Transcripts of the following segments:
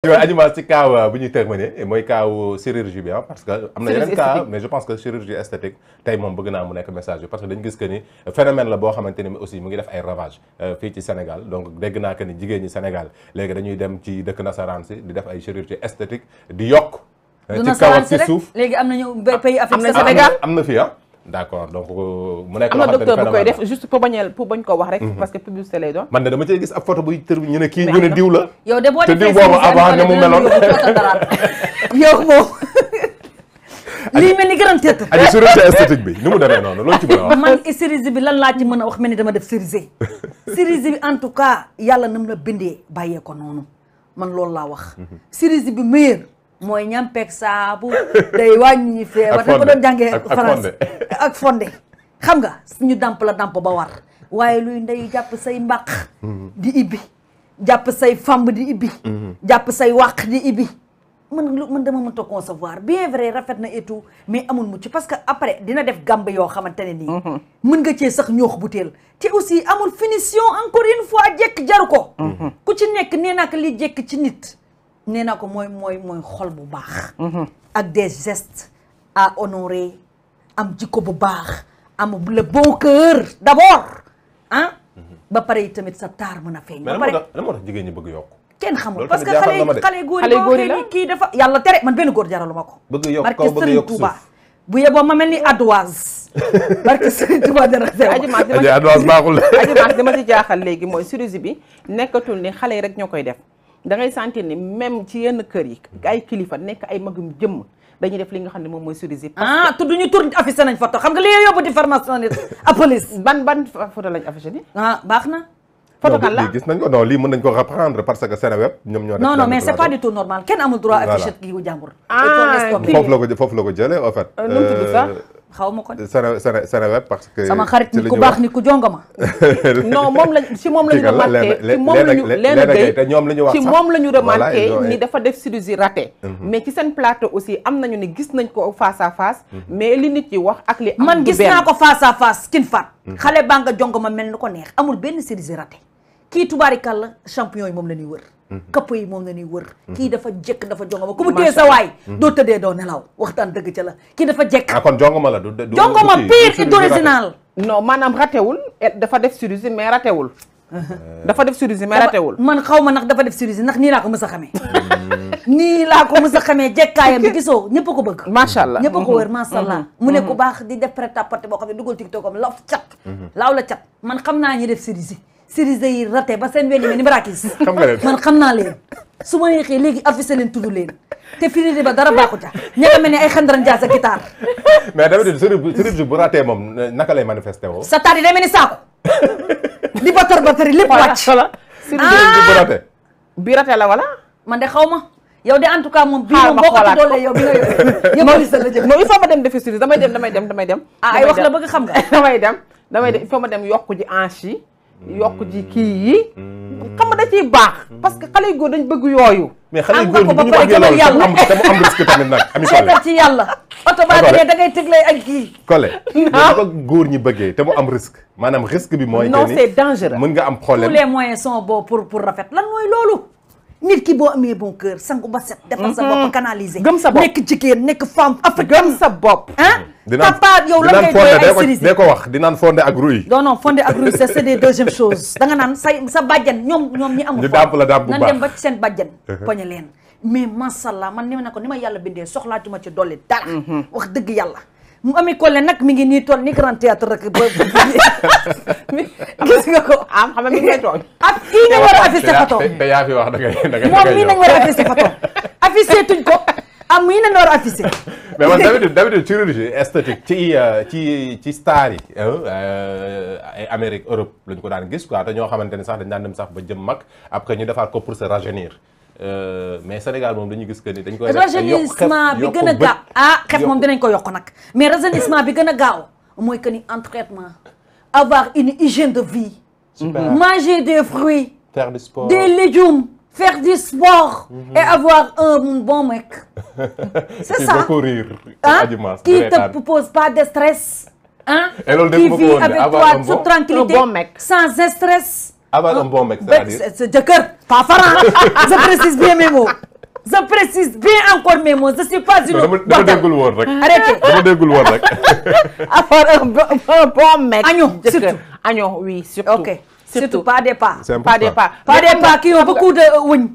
waaw Adima ci kaaw bu ñuy terminé mooy kaaw chirurgie bi ah parce que am na yeneen cas mais je pense que chirurgie esthétique tey moom bëgg naa mu nekk message bi parce que dañu gis que ni phénomène la boo xamante ni aussi mu ngi def ay ravage euh, fii ci Sénégal donc dégg naa que ni jigéen ñi Sénégal léegi dañuy dem ci dëkk nasaraan si di def ay chirurgie esthétique di yokk euh, ci kaw ak ci suuf léegi am na ñu ah, pays Afrique ah, ah, Sénégal am na fi ah d'accord donc euh, mu nekk loo ne docteur bu koy def juste pour bañ pour ko wax rek mhm. parce que publicité lay doon man de dama cee gis ab photo buy tër ñu ñu ne diw yow de boo te diw boobu avant ne mel ni grand théâtre aji chirurgie esthétique bi mu demee noonu loolu ci mën bi lan laa ci mën a wax mel ni dama def chirurgie chirurgie bi en tout cas yàlla nam la bindee bàyyee ko noonu man loolu laa wax mhm. chirurgie bi meilleur mooy ñam peg saabu day wàññi feebar dañ ko doon jàngee français ak fonde xam nga ñu dàmp la dàmp ba war waaye luy ndey jàpp say mbàq di ibbi jàpp say famb di ibbi jàpp say wàq di ibbi man man dama mënta concevoir bien vrai rafet na et tout mais amul mucc parce que après dina def gàmb yoo xamante ne nii mhm. mën nga cee sax ñoox bu teel te aussi amul finition encore une fois jekk jaru ko mhm. ku ci nekk nee naa li jekk ci nit nee na ko mooy mooy mooy xol bu baax mhm. ak des gestes à honorer am jikko bu baax am le bon cœur d'abord ah ba pare tamit sa taar mën a feeñ ba pare lan moo tax jigéen ñi bëgg yokk kenn xamul parce que xale xale góor yi boo xëy kii dafa yàlla tere man benn góor jaraluma ko bëgg yokk kaw bëgg yokk suuf bu yeboo ma mel ni adouase barke Serigne Touba dara ajimaas dima ci jaaxal léegi mooy chirurgie bi nekkatul ni xale yi rek ñoo koy def da ngay sentir ni même ci yenn kër yi ay kilifa nekk ay magum jëmm dañuy def li nga xam ne moom mooy surisi ah tudd ñu tur affiché nañ photo xam nga li yóbbu di formation nit a police ban ban photo lañ affiché ni ah, baax na photo kan la gis nañ ko non lii mën nañ ko reprendre parce que Seneweb ñoom ñoo non non mais c'est pas normal kenn amul droit affiché kii jàmbur ah foofu la ko foofu la ko xaw ma ko de. Sara Sara Sara la parce que. sama xarit ni ku baax ni ku jongama. non moom lañ si moom la ñu remarqué ci moom la ñu Léna Gueye te ñoom la ñu wax ci moom la ñu remarqué ni dafa def chirurgie ratée. Mhm. mais ci seen plateau aussi am nañu ne gis nañ ko face à face. Mhm. mais li nit yi wax ak li. man gis naa ko face à face kin faat. Mhm. xale baa nga jongama mel ni ko neex amul benn chirurgie ratée. kii tubaarikàlla champion yi moom la ñuy wër. kapp yi moom la ñuy wër mhm. kii dafa jekk dafa jongoma ku mu téye sa waay mhm. doo tëddee doo nelaw waxtaan dëgg ca la kii dafa jekk ah kon jongoma la du jongoma pire et original non maanaam ratewul dafa def chirurgie mais ratewul euh. dafa def chirurgie mais ratewul man xaw ma nag dafa def chirurgie ndax nii laa ko mës a xamee hmm. nii laa ko mës a xamee jekkaayam bi gisoo ñëpp a ko bëgg macha allah ñëpp a ko mhm. wër macha allah mu ne ku baax di def prêt à porter boo xam ne dugal tiktok am law cat laaw la cat man xam naa ñi def chirurgie Cerise yi raté ba seen wéññi ni marakis. xam nga leen man xam naa leen su ma yéexee léegi affiché leen tudd leen te firi ba dara baaxu ca ñaka mel ni ay xandaran jaas ak guitare. mais d'habitude Cerise bu raté moom naka lay manifesté woo. sa taat yi day mel ni saako di batar batari lépp wàcc. voilà Cerise bu raté. Ah! bi raté la wala. man de xaw ma yow de en tout cas moom. xaaral ma xoolaat ko yow bi nga yow. ma wis la jëm non il faut ma dem defi Cerise damay dem damay dem damay dem. ah ay wax la bëgg xam nga damay dem damay dem il faut ma dem yokk ji hanche yi yokk ci kii yi xam nga baax parce que xale yu góor dañ bëgg yooyu mais xale yu góor ñi bu ñu waxee am am risque tamit nag ami seetal ci yàlla oto baa da ngay da ngay tëgle ak kii kole da ko góor ñi bëggee te mu am risque maanaam risque bi mooy non c'est dangereux mën nga am problème tous les moyens sont pour pour rafet lan mooy loolu nit ki boo amee bon cœur sangu ba set. defar sa bopp mhm. canaliser. gëm sa bopp nekk jigéen nekk femme africaine. gëm sa bopp. ah papa yow dinaan ko wax dinaan fondé ak ruy. non non fondé ak ruy c'est des deuxième chose danga naan say sa bàjjen ñoom ñoom ñi amul. ñu dàmp la nan dem ba seen bàjjen. Uh-huh. poñe leen mais macha allah man ni ma ne ko ni ma yàlla bindee soxlaatuma ci dolli dara. Mm-hmm. wax dëgg yàlla. mu Collé nag mi ngi nii toll ni grand théâtre rek ba gis nga ko. ah xam nga mi ngi lay tooñ. ah wax da ngay da ngay moom mii tuñ ko am mii a affiché. mais man d'habitude d'habitude chirurgie esthétique ci euh, ci ci star yi. Euh, ay Amérique Europe lañ ko daan gis quoi te ñoo xamante ne sax dañ daan dem sax ba jëm mag après ñu defaat ko pour se Euh, mais Sénégal moom dañu gis que dañ koy rajeunissement bi gën a gaaw ah, ko yokk nag mais rajeunissement bi gën a gaaw mooy que ni en traitement avoir une hygiène de vie mhm. manger des fruits faire du sport des légumes faire du sport mhm. et avoir un bon mec c'est ça ah qui te pose pas de stress ah qui vit avec toi toute tranquillité sans stress avoir un bon e e e mec c'est-à-dire sa jëkkër pas Franc je précise bien mes mots je précise bien encore mes mots je pas une dama déggul woon rek arrêtez rek avoir un bon mec agnon surtout agnon ok surtout pas des pas pas des pas pas des pas qui ont beaucoup de wëñ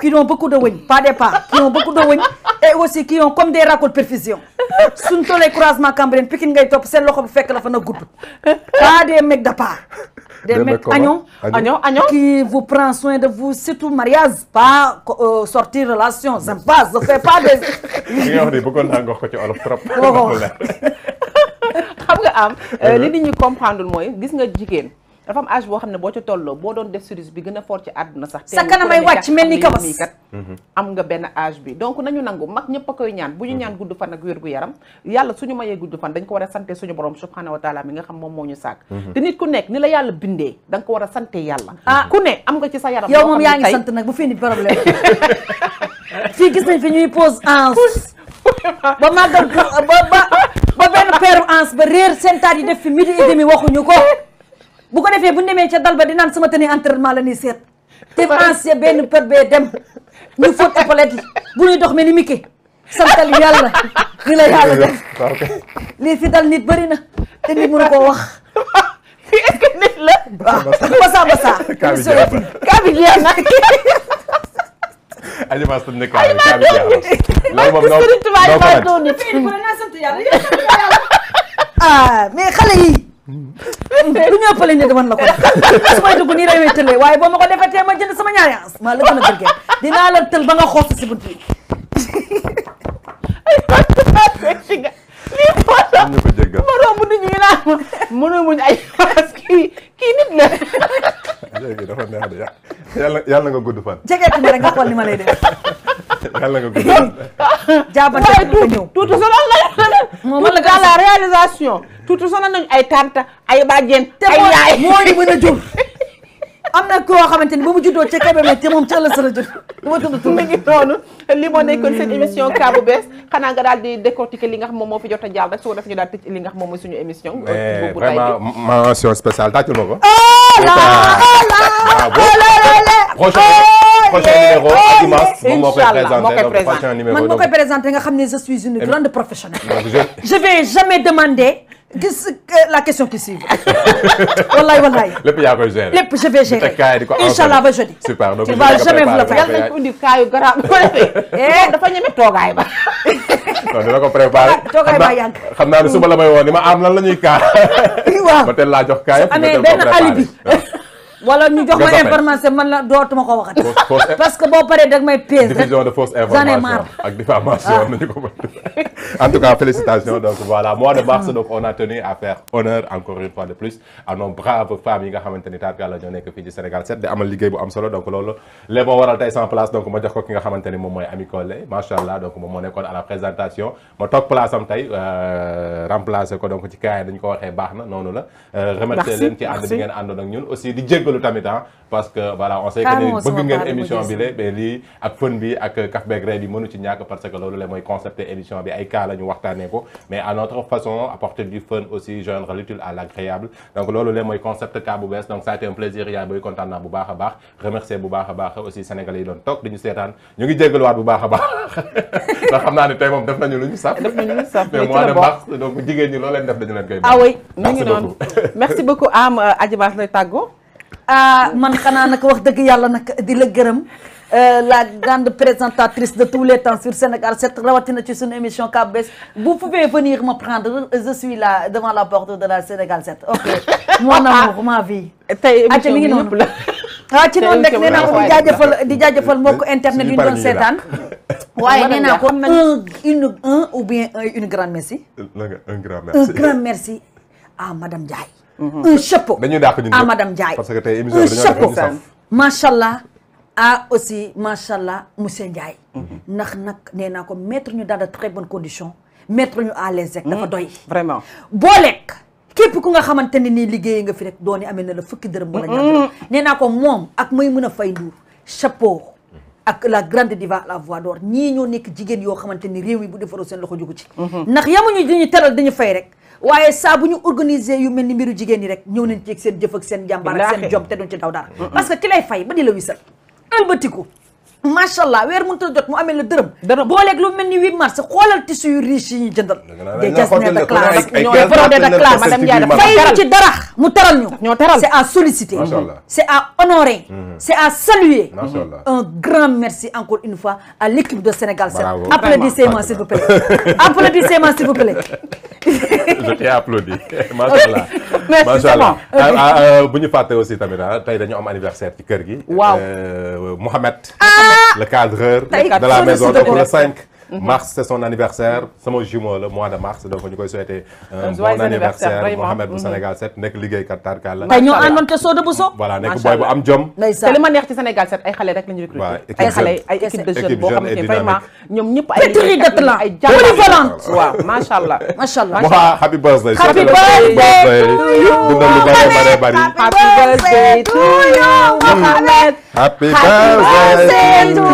qui ont beaucoup de wëñ pas des par qui ont beaucoup de wëñ et aussi qui ont comme des raccords perfusion suñ tollee croisement Cambérène Pikine ngay topp seen loxo bu fekk la fa na gudd pas des mecs de pas des maîtres agnon agnon agnon qui vous prend soin de vous surtout mariage pas euh, sorti relation ça passe ça fait de des li nga wax ni bëggoon naa nga wax ko ci olof trop oh. xam nga am euh, li nit ñi comprendre mooy gis nga jigéen dafa am âge boo xam ne boo ca tolloo boo doon def service bi gën a fort ci àdduna sax sa kanamay wàcc mel ni kabas mhm. am nga benn âge bi donc nañu nangu mag ñëpp a koy ñaan bu ñu mhm. ñaan gudd fan ak wér gu yaram yàlla suñu mayee gudd fan dañ ko war a sante suñu borom subhanahu wa taala nga xam moom moo ñu sàkk mhm. te nit ku nekk ni la yàlla bindee da ko war a sante yàlla ah. ku ne am nga ci sa yaram yow moom yaa fii gis nañ fi ñuy pause en ba màggal ba bu ko defee bu ñu demee ca dal ba di naan sama tenue entraînement la ñuy seet. te ancien benn pët bee dem ñu fóot épaulettes bu ñuy dox mel ni Mickey santal yàlla li la yàlla def lii fi dal nit bëri na te mu mënu koo wax. fii est-ce que nit la. basa basa kaabi jeex na Alima Sën nekk naa la loolu lu ñu ëppale njëg mën na ko def su may dugg nii lay tëlee waaye boo ma ko defee tee ma jënd sama ñaari ans maa la a tëlkee dinaa la ba nga xoos si bunt bi lii Fatou am ma romb nit ñi naan ma mënoo ay kii kii nit la. gudd fan. jege ma rek nga xool ni ma lay yàlla nga ko jaabante ko ñëw tuuti sonal nañu la dans la réalisation tuuti sonal nañu ay tanta ay bàjjen ay yaay moo ñu mën a jur am na koo xamante ni ba mu juddoo ca Kébémer te moom ca la sa la jot ma tudd mi ngi noonu li moo nekkoon seen émission Cas bu bees xanaa nga daal di décortiquer li nga xam moom moo fi jot a jàll rek su ko def ñu daal tëj li nga xam moom mooy suñu émission mais eh, vraiment mention spéciale tàccul ma ko oh prochain numéro dimanche moom moo koy présenté prochain numéro man moo koy présenté nga xam ne je suis une euh, grande professionnelle. je vais jamais demander. ba jeudi. super donc va jamais vous le faire yàlla nañu ko indi kaayu garab bu ko defee. dafa ñeme toogaay ba. non dina ba yàgg xam naa ne suba la may woo ma am ah, lan la ñuy kaa. waaw ba tey laa jox alibi. wala ñu jox ma information man la dootuma ko waxati. parce que boo paree dag may pees rek. division de fausse information ak diffamation ah. nañu ko en tout cas félicitations donc voilà mois de mars donc on a tenu honneur encore une de plus am solo donc loolu waral tey sans place donc ma jox ko ki nga xamante moom mooy Ami Collé macha allah donc moom moo nekkoon à la présentation ma toog place am tey euh, remplacer ko donc ci kaay na noonu la. Euh, jéggalu tamit ah parce que voilà on sait que bëgg ngeen émission bi la mais lii ak fën bi ak kaf beeg rey mënu ci ñàkk parce que loolu la mooy concept émission bi ay cas la ñu waxtaanee mais à notre façon apporter du fun aussi joindre l'utile à l'agréable donc loolu la mooy concept cas bu bees donc ça été un plaisir yaay booy kontaan bu baax a baax remercier bu baax a baax aussi sénégalais yi doon toog di ñu seetaan ñu ngi jéggaluwaat bu baax a baax ah man xanaa nag wax dëgg yàlla nag di la gërëm euh, la grande présentatrice de tous les temps sur Sénégal 7 rawatina ci suñu émission Cap Bess vous pouvez venir me prendre je suis là devant la porte de la Sénégal 7 ok mon amour ma vie. tey émission bi ñëpp la ah ci noonu rek di jaajëfal di jaajëfal internet yu ñu doon seetaan. waaye nee naa ko un une un ou bien une grande merci. un grand merci un grand merci à madame Ndiaye. Mm-hmm. un chapeau. dañuy dàq ñun à madame Ndiaye. macha allah. a aussi macha allah monsieur Ndiaye. Mm-hmm. ndax nag nee naa ko metre ñu dans de très bonnes conditions mettre ñu à l'aise rek. dafa mm-hmm. doy vraiment. boo lekk ku nga xamante ne nii liggéey nga fi rek dooni amee na la fukki dërëm. wala ñaar dërëm nee naa ko moom ak may mën a fay nduur chapeau. ak la grande diva la voix d'or ñii ñoo nekk jigéen yoo xamante ni réew yi bu defaroo seen loxo jugu ci. ndax yamuñu dañu teral dañu fay rek. waaye saa bu ñu organiser yu mel ni mbiru jigéen ñi rek ñëw nañ ci seen jëf ak seen jàmbaar ak seen jom te duñ ci daw dara parce que ki lay fay ba di la wisal ëlbatiku macha allah weer mënut a jot mu amee la dërëm. dërëm booleeg lu mel ni mars xoolal tissu yu yi ñu jëndal. dëgg la xool de classe ñoo de classe madame Ndiaye dafa fay ci dara mu teral ñu. ñoo teral c'est à solliciter. macha allah c'est à honorer. Mhm. c'est à saluer. un grand merci encore une fois à l'équipe de Sénégal 7. a applaudissez-moi s'il vous plaît macha allah ah, ah, euh, bu ñu fàtte aussi tamit ah tey dañu am anniversaire ci kër gi. waaw euh, Mouhamed. Ah! le cadreur. de la maison le 5. Mhm. mars c'est son anniversaire sama jumeau la mois de mars donc ñu koy souhaiter bon anniversaire Mohamed bu mhm. Sénégal 7 nekk liggéeykat tarkaal la tey ñoo àndoon bu so voilà nekk boy bu am jom te li ma neex ci Sénégal ay xale rek la ñu recruter ay xale ay équipe de jeunes boo xam ay de talent ay polyvalente waaw macha allah macha allah Mohamed happy birthday to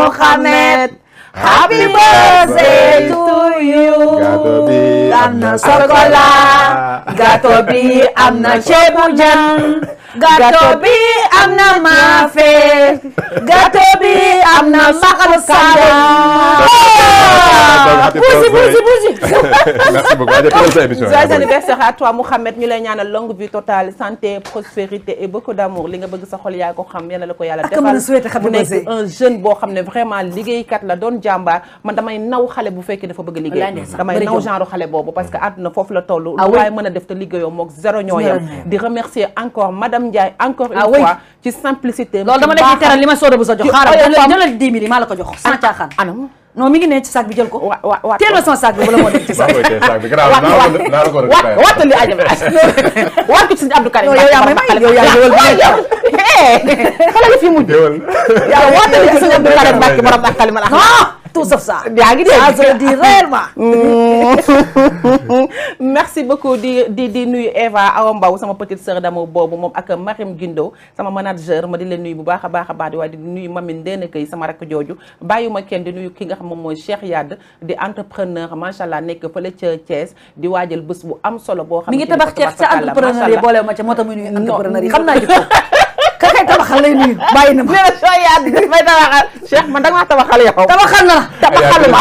Mohamed Happy birthday to you. gâteau bi am na sokola gâteau bi am na ceebu jën. gâteau bi am na maafe gâteau bi am na mbaxalu saalum buusi buusi buusi merci beaucoup anniversaire à toi Mouhamed ñu lay ñaanal longue vie totale santé prospérité et beaucoup d'amour li nga bëgg sa xol yaa ko xam yal na la ko yàlla defal mu nekk un jeune boo xam ne vraiment liggéeykat la doon jàmbaar man damay naw xale bu fekkee dafa bëgg liggéey damay naw genre xale boobu parce que àdduna foofu la toll ah lu waaye mën a def te liggéeyoo mook zéro ñoo di remercier Dame Ndiaye encore une ah fois ci simplicité loolu dama leen di teral li ma sooda bu sa jox xaaral jëlal dix mille maa la ko jox sama caaxaan anam non mi ngi ne ci sac bi jël ko waaw teel ma sama sac bi bala moo dem ci sac bi wattali ajam waat ko ci sëñ Abdou Karim yow yaa may may yow yaa jëwal eh, bi xala fi mujj yow wattali ci sëñ Abdou Karim Mbacke borom ak xalimal tout sa ça. yaa ngi dégg ça dit réellement. Mm. merci beaucoup di di di nuyu Eva Awa Mbaw sama petite sœur d'amour boobu moom ak Mariam Guindo sama manager ma di leen nuyu bu baax a baax a baax di waaye di nuyu Mami Ndéna Kay sama rakk jooju bàyyuma kenn di nuyu ki nga xam moom mooy Cheikh Yade di entrepreneur macha allah nekk fële ca Thiès di waajal bés bu am solo boo. xam ne mi ngi tabax ca entrepreneur yi boolewuma ca moo tax muy entrepreneur yi xam naa ka kay tabaxal lay nuyu bàyyi na ma. nee na soo yaatu dafay tabaxal Cheikh man danga tabaxal yow. tabaxal na la tabaxal ma.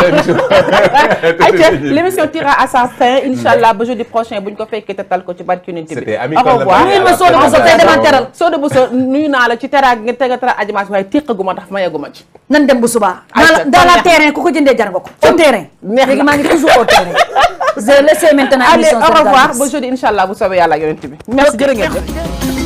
ayca l' émission tira à sa fin incha allah ba jeudi prochain buñ ko fekkee tatal ko ci barke Yonent bi. c'était amical la au revoir nuyu ma Soda Bousso tey dama teral. Soda Bousso nuyu naa la ci teraag nga tega tera ajimaas waaye téqagu ma tax mayagu ma ci. nan dem bu subaa. ayca dans la terrain ku ko jëndee jar nga ko. au terrain léegi maa ngi toujours au terrain. je laisse maintenant émission. bu soobee yàlla ak Yonent bi. merci